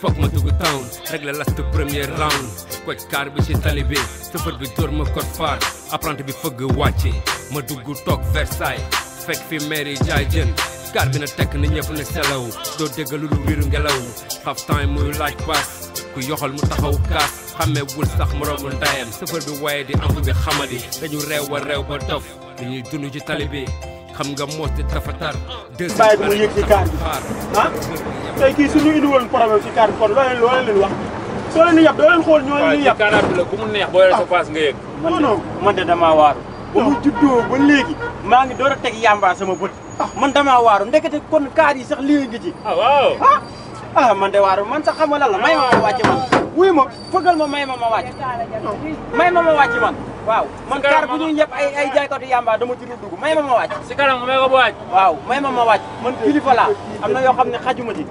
foog ma dugg town rek la last premier round koj kaar bi ci tali bi sëfër bi dóor ma code far apprenti bi fëgg wàcce ma dugg toog Versailles fekk fi maire yi jaay jën kaar bi na tekk na ñëpp ne selaw doo dégg lu wiiru ngelaw xaftaan muy laaj paas ku yoxal mu taxaw kaas xàmmee wul sax moroomu ndayam sëfër bi waaye di am bi xamali dañu reew a reew ba dof dañuy dund ci tali bi xam nga moos de dafa tar. deux heures ah? kii suñu indi woon soo leen di yab doo leen xool ñoo leen di yab kaar bi la ku mu neex boo yore sa ah. nga yëg man de damaa waaru ba mu juddoo ba léegi maa ngi door a teg yàmbaa sama bët ah. man damaa waaru ndekete kon kaar yi sax lii ngi ci man de waaru man sax xam nga lan la may ma ma wàcc man wuy ma fëgal ma may ma ma wàcc man waaw man kaar bu ñuy ñëpp ay ay jaaykatu yamba dama ci dul dugg may ma ma wàcc si kanam may ko waaw may ma ma wàcc man kilifa laa am na yoo xam ne xajuma ji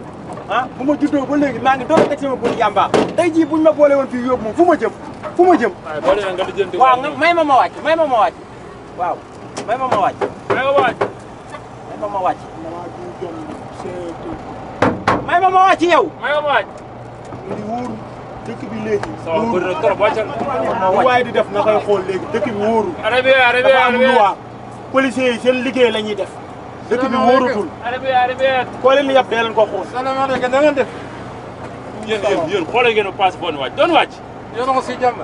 ah bu ma juddoo ba léegi maa ngi door a teg sama bët yamba tey jii buñ ma boole woon fii yóbbu ma fu ma jëm fu ma jëm waaw may ma ma wàcc may ma ma wàcc waaw may ma ma wàcc may ma ma wàcc may ma ma wàcc may ma ma wàcc yow may ma ma wàcc dëkk bi léegi. wóorul lu waaye di def na koy xool léegi dëkk bi wóorul. dafa am loi policiers yi seen liggéey la ñuy def. dëkk bi wóorutul. koo leen yab dee leen ko xool. salaamaaleykum na ngeen def. yéen yéen yéen xoolal ngeen passe bon wàcc doon wàcc. yéen a ko si jàmm.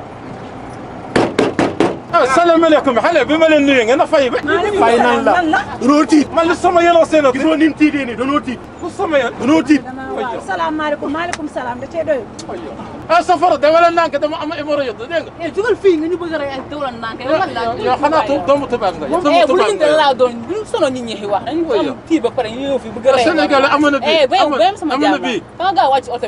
السلام عليكم حلا بما النين انا فايب فاينا لا روتي مال السما يلا سينا كيفو نمتي ديني دونوتي السما دونوتي السلام عليكم مالكم سلام دا تي دوي السفر دا ولا نانك دا ام امريو دا دنگ اي جوغل في ني بوغ راي الدول نانك ولا لا يا خنا تو دوم تبان دا إيه، تو تبان ولين دا لا دون سونو ني ني خي واخ ان بو تي با فري ني في بوغ راي السنغال امانه بي إيه، امانه بي فاغا واتش اوتو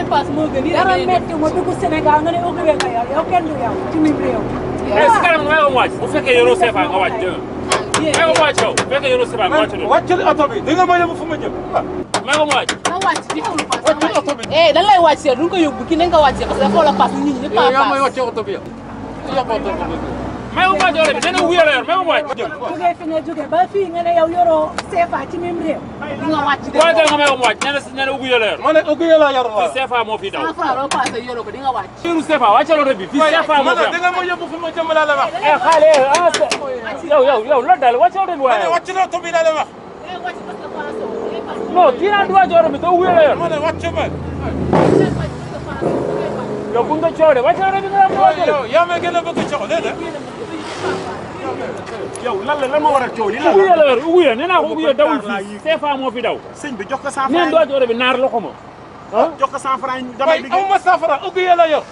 impasse moo gën dara metti ma dugg Sénégal nga ne occupé nga yow yow kenn du yow ci mim réew. mais si kanam nga waaj bu fekkee yoroo CFA nga waaj dégg nga. nga waaj yow bu fekkee yoroo CFA nga waaj dégg. wàccal oto bi di nga ma yóbbu fu ma jëm. maa ngi waaj. ma waaj di xewlu paas. wàccal oto bi. eh dañ lay waaj seet du nga ko yóbbu kii nañ ko waaj parce que dafa la paas nit ñi. paas paas yow yaa may wàcce oto bi yow. may ma doole bi dana wuya la yor may ma wàcc. jógee fi nga jógee ba fii nga ne yow yoroo CFA ci même réew. di nga wàcc de. waaye nga may ma wàcc nee na nee na uguya la yor. ma ne uguya la yor waaw. CFA moo fi daw. 100F loo paase yoroo ko di nga wàcc. fiiru CFA wàccal oto bi fii CFA moo fi daw. da nga ma yóbbu fi ma jëm laa la wax. eh xaale ah yow yow yow loolu daal wàccal oto bi waaye. ma ne wàcc na oto bi laa la wax. non kii laa duwaat oto bi te uguya la yor. ma ne wàcc ma. yow bu nga coow de wàccal oto bi nga la am. yow yaa ma gën a bëgg coow léegi yow lan la lan moo waral coow li lan la la uguya nee naa ko uguya dawul fii CFA moo fi daw. sëñ bi jox ko 100F neen doo joxe bi naar loxo ma. ah jox ko 100F yi damay liggéey aw ma 100F uguya la yor.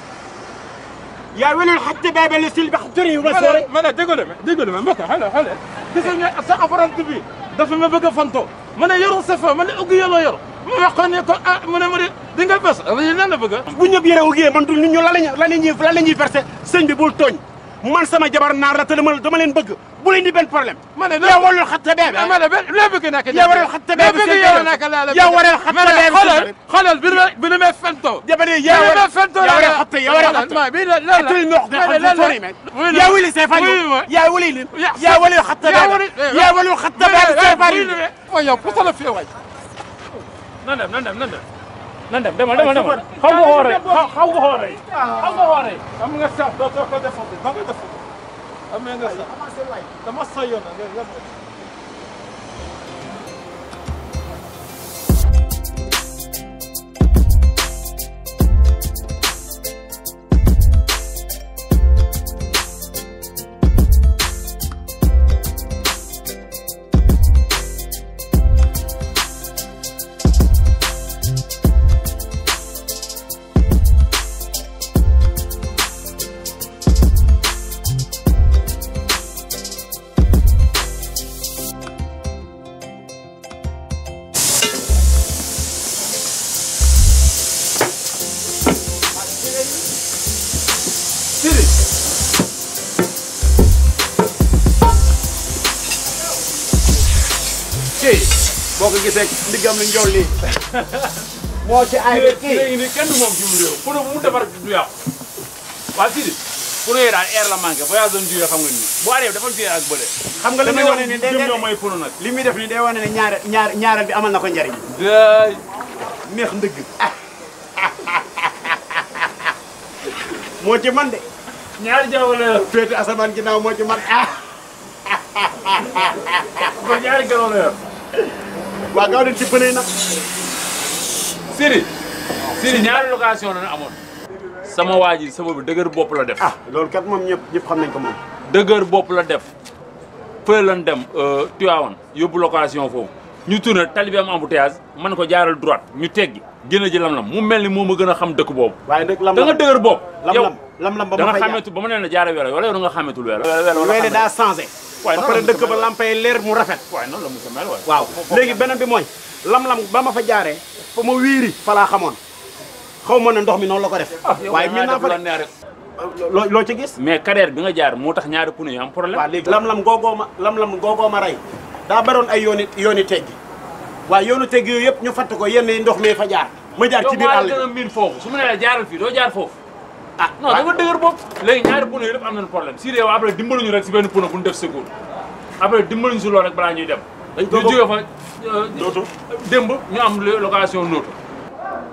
yaa wele xajte baabe la sil ba jëriñu ma soore. ma ne déglu ma déglu ma mbokk xale xale. gis nga sa apparence bi dafa ma bëgg a fantoo ma ne yorul CFA ma ne uguya la yor. ma wax ko ne ko ah mu ne ma de di nga bés lan la bëgg a. bu ñëpp yore uguya man du ñu la la ñuy la la ñuy versé sëñ bi bul tooñ man sama jabar naar la te dama len beug bu len di ben problème. ma ne yow warul xatte bee bi. ma ne loo bëgg nekk yow warul xatte bee bi seen kër yow warul xatte bee bi seen khalal xoolal bi bi ma fentoo. jabar yi yow warul xatte yow warul khatta bi la la atul ndox de xam ne sori meen. yaa wuli seefaan yi yaa wuli lim yaa wuli xatte bee bi yaa wuli xatte bee bi seefaan yi. yow ku sa la fee waay. nan dem nan dem nan dem. nan dem demal demal demal xaw nga xooree xaw nga xooree. xaw nga xooree. am nga sax doo ko defoo ba nga defoo ba nga sax dama sa yoon nga boo ko gisee ndigam li njool lii moo ci ay kii léegi nii kenn du moom ci mu réew ku mu defar du yàqu waa Sidi pour yooyu daal air la manqué voyage doon juyee xam nga ni bu aree dafa juyee ak bële xam nga li muy wane ni day ñoo may pono nak li muy def ni day wane ne ñaar ñaar ñaaral bi amal na ko njariñ day neex ndëgg moo ci man de ñaari jawala féete asamaan ginnaaw moo ci man ah ba ñaari waa gaaw leen ci bële nag. Siri. Siri ñaari location amoon. sama waa ji sama dëgër bopp la def. ah loolu kat moom ñëpp ñëpp xam nañ ko moom. dëgër bopp la def fële lan dem euh, Tivaouane yóbbu location foofu ñu tourné tali bi am man ko jaaral droite ñu teggi génn ji lam-lam mu mel ni moom a gën a xam dëkk boobu. waaye nag lam-lam da nga dëgër bopp. lam-lam lam-lam ba ma fay na jaaree welo wala yow da nga xàmmeetul welo. welo daa changé. waaye ba pare dëkk ba lampay leer mu rafet. waaye noonu la mu mel waay. waaw léegi beneen bi mooy lam-lam ba ma fa jaaree fa ma wiiri fa laa xamoon xaw ma ne ndox mi noonu la ko def. Ah, waaye mën naa fa loo loo ci gis. mais carrière bi nga jaar moo tax ñaari pune yi am problème. waaw léegi lam-lam googoo ma lam-lam ma rey daa baroon ay yooni teg teggi waaye yoonu teg yooyu yëpp ñu fatt ko yenn ndox mi fa jaar ma jaar ci biir àll bi foofu su mu ne la jaaral fii doo jaar foofu ah non dafa dëgër bopp léegi ñaari pono yi lépp am nañu problème si réew après dimbaluñu rek si benn pono bu ñu def secours après dimbaluñu si loolu rek balaa ñuy dem ñu jógee fa euh, démb ñu am location nootu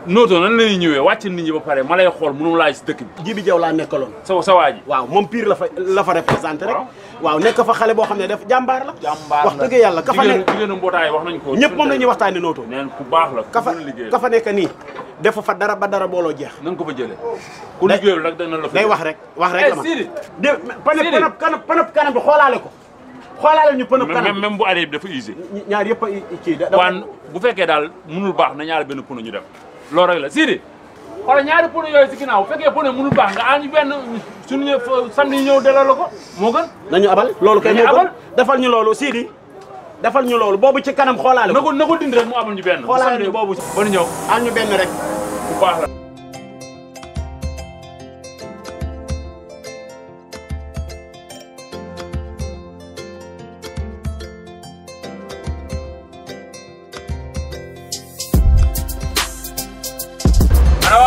nooto nan la ñuy ñëwee wàcc nit ñi ba pare ma xool mënu laa gis dëkk bi Jibi Jaw laa nekkaloon sa sa waa ji waaw moom pire la fa la fa représenté rek waaw nekk fa xale boo xam ne def jàmbaar la jàmbaar wax dëgg yàlla ka fa nekk jigéenu mbootaay wax nañ ko ñëpp moom la ñuy waxtaane nooto neen ku baax la kafa ka fa nekk nii defu fa dara ba dara booloo jeex na nga ko fa jëlee ku liggéeyul nag dana la day wax rek wax rek la eh, ma Sidi de kanam bi xoolaale ko xoolaale ñu panab kanam bu arrière bi dafa usé ñaar yëpp a kii waan bu fekkee daal baax na ñaar benn pneu ñu dem loolu rek la Sidi xoolal ñaari pono yooyu si ginnaaw bu fekkee pono mënul baax nga añu benn suñu samedi ñëw delloo la ko moo gën. nañu abal loolu kay moo gën defal ñu loolu Sidi defal ñu loolu boobu ci kanam xoolaale na ko na ko dindi rek mu abal ñu benn. xoolaale boobu. ba ñu ñëw añu benn rek bu baax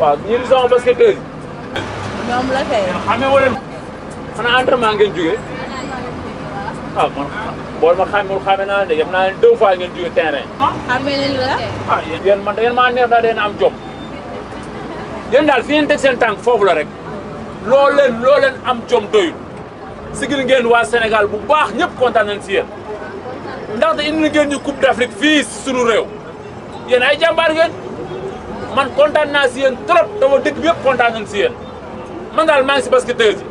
waaw ñi di sama basketteur yi. ñoom la kay. xamee wala xanaa entraînement ngeen jógee ah ma xamul xame naa ne def naa leen deux fois ngeen jógee terrain. xamee leen la. Ah, neex daal da am jom yéen daal fi ngeen teg seen tànk foofu la rek loo leen loo am jom doyul sigil waa senegal bu baax ñépp kontaan nañ si yéen ndaxte indi ngeen ñu Coupe fii sunu réew yéen ay jàmbaar man kontaan naa si yéen trop dama dëkk bi yëpp kontaan nañ si man daal maa si basketteur yi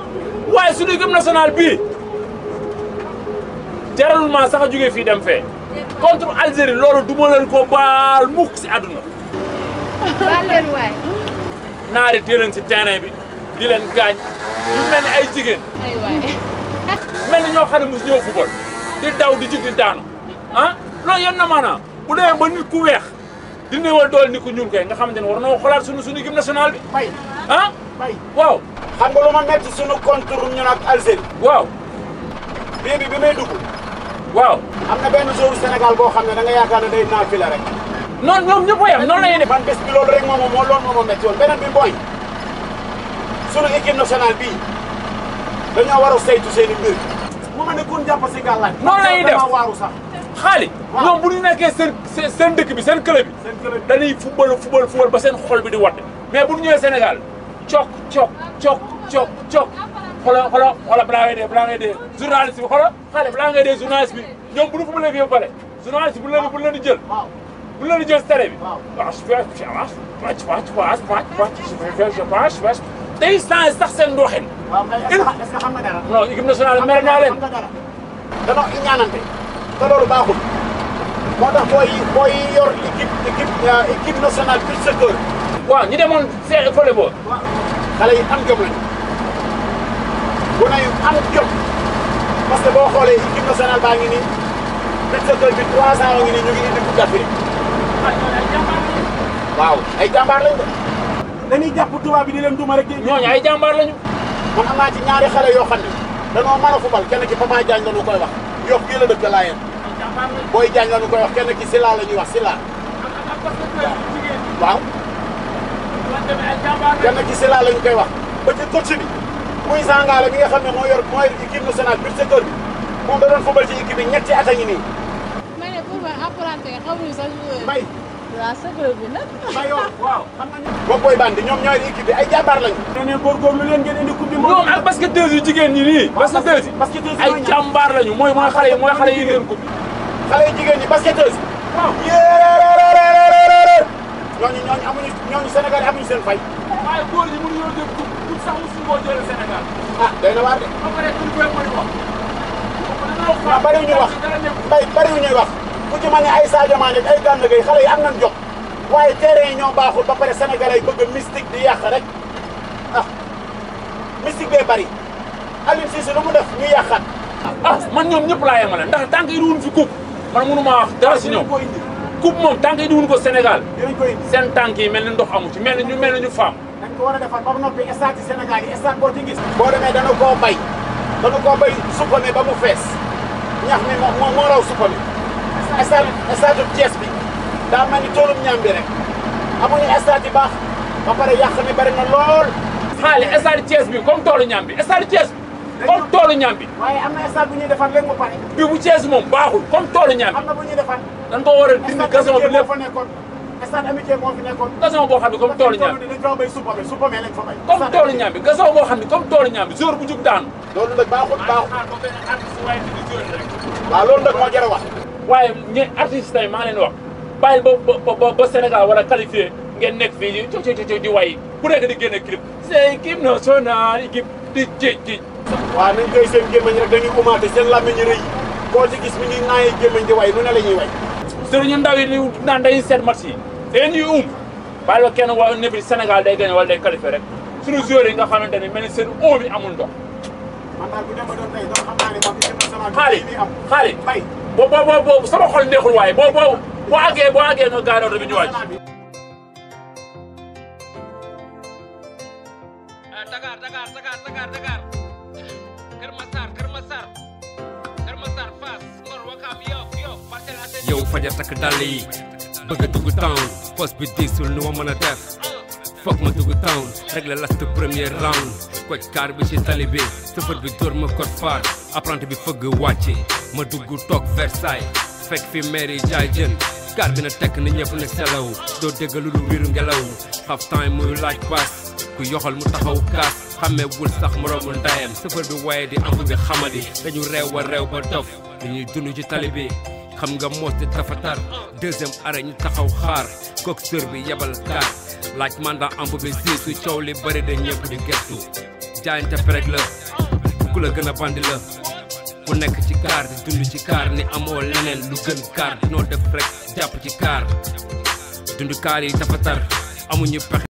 waaye suñu équipe nationale bii jaralul ma sax a jógee fii dem fee contre Algérie loolu du ma leen ko mukk si àdduna. baal leen waay. naari téye si terrain bi di leen gaañ ñu mel ni ay jigéen. ay waay. mel ni ñoo xam ne mos ñëw football di daw di jig ah na maanaam bu demee ba nit ku weex. di néewal doole ni ko ñuul kay nga xamante ne war nañoo xoolaat suñu suñu équipe nationale bi. Ah? bay waaw. xam nga lu ma métti suñu contre ñun ak Algérie. waaw. bii bi bi may dugg. waaw. am na benn joueur Sénégal boo xam ne da nga ne day naafi la rek. non ñoom ñëpp a yem noonu la ñuy def. man bés bi loolu moom moo loolu beneen bi mooy suñu équipe nationale bii dañoo war a saytu seen i mbir. mu si gàllankoor. noonu la ñuy xaalis ñoom bu ñu nekkee seen seen dëkk bi seen club bi dañuy football football ba seen xol bi di wadd mais bu ñu ñëwee Sénégal cok cok cok cok cok xolo xolo xolo balaa ngay dee balaa ngay dee journaliste bi xolo xaalis balaa dee journaliste bi ñoom bu ñu footballee fii ba pare journaliste bu leen di jël bu leen di jël télé bi waaw je vais je passe passe passe day changé sax seen doxin. waaw est-ce que xam nga dara. non te loolu baaxul moo tax booy booy yor équipe équipe euh, équipe nationale plus secteur. waaw ñu demoon see volley ball. waaw xale yi am jom lañu bu nay am jom parce que boo xoolee équipe nationale baa ngi nii plus secteur bi 300 a ngi waaw ay jàmbaar lañu de. dañuy jàpp tubaab bi di leen duma rek. ñooñu ay jàmbaar lañu. man am naa ci ñaari xale yoo xam ne danoo mën a fubal kenn ci Papa Diagne la ñu koy wax. Diop gii la dëkk Laayeen booy jàng la ñu koy wax kenn ki Sila la ñuy wax Sila waaw kenn ki Sila la ñu koy wax ba ci coach bi muy Sangale bi nga xam ne moo yor mooy équipe nationale se secteur bi moom da doon fubal ci équipe bi ñetti at a ngi nii. ma ne waaw sëgër bi nag. waaw waaw xam nga ñoom. bokkooy bandi ñoom bi ay jàmbaar lañu. nee nañ góorgóorlu leen ngeen indi coupe yu jigéen ñi nii. basketteurs yi basketteurs yi ay jàmbaar lañu mooy mooy xale yi mooy xale yi ngeen coupe bi. xale yu jigéen ñi ah day na waar de. ba pare wax ku ci mel ne ay Sadio Mané ay Gana Gueye xale yi am nañ jot waaye terrain yi ñoo baaxul ba pare sénégalais yi bëgg mystique di yàq rek ah mystique bee bari Aliou Cissé lu mu def ñu yàqaat. ah man ñoom ñëpp laa yemale ndax tant que indiwuñ fi coupe man mënu maa wax dara si ñoom coupe moom tant que indiwuñ ko Sénégal seen tànk yi mel ni ndox amu ci mel ni ñu mel ni ñu faam. dañ ko war a defar ba mu noppi stade Sénégal yi stade Portugis. boo demee dana koo bay dana koo bay suppame ba mu fees ñax mi moo moo raw suppame. stade stade Thiès bi daa toolum ñaam bi rek amuñu stade yu baax ba pare yàq mi bari na lool. xaale stade Thiès bi comme toolu ñaam bi stade bi. comme toolu ñaam bi. bu ñuy ba pare. bi bu Thiès moom baaxul comme toolu ñaam bi. am na bu ñuy defar. a dindi gazon bi lépp stade amitié moo fi nekkoon. gazon boo xam ne comme toolu bu jug daanu. moo jar a waaye ñe artistes maa leen wax bàyyi ba ba ba Sénégal wala qualifié ngeen nekk fii ci ci di way ku nekk di génne clip c'est équipe nationale équipe di jéj jéj. waaw nañ koy seen gémmañ rek dañuy commenté seen làmmiñ rëy koo ci gis mi ngi naaye di way nu ne la ñuy way. sëriñu ndaw yi naan dañuy seet match yi dañuy um bàyyi kenn waa ne senegal day gagné wala day qualifié rek suñu joueurs yi nga xamante ne mel ni seen eau bi amul ndox. bo bo bo sama xol neexul waaye bo bo boo àggee boo àggee nga gaaroo bi ñu wàcc. Eh, Dakar Dakar Dakar Dakar Dakar Kër Massar Kër Massar Kër Massar Fass Ngor Wakam Yoff Yoff Parcelles Assainies yow faja takk dàll yi bëgg a dugg town poste bi diisul nu ma def foog ma dugg town rek la last premier round koj kaar bi ci tali bi sëfër bi dóor ma code far apprenti bi fëgg wàcce ma dugg toog Versailles fekk fi mairie jaay jën kaar bi na tekk na ñëpp na selaw doo dégg lu riiru ngelaw xaftaan muy laaj paas ku yoxal mu taxaw kaas xàmmewul sax moroomu ndayam sëfër bi waaye di am bi xamadi dañu reew a reew ba dof dañuy dund ci tali bi xam nga moote dafa tar deuxième arrêt ñu taxaw xaar coxeur bi yebal kaar laaj mandat ambu bi siisu coow li bëri da ñëpp di gestu jaayante perek la ku la gën a bandi la ku nekk kaar di ci kaar ni amoo leneen lu gën kaar noo def rek jàpp ci kaar dund kaar yi dafa tar amuñu pexe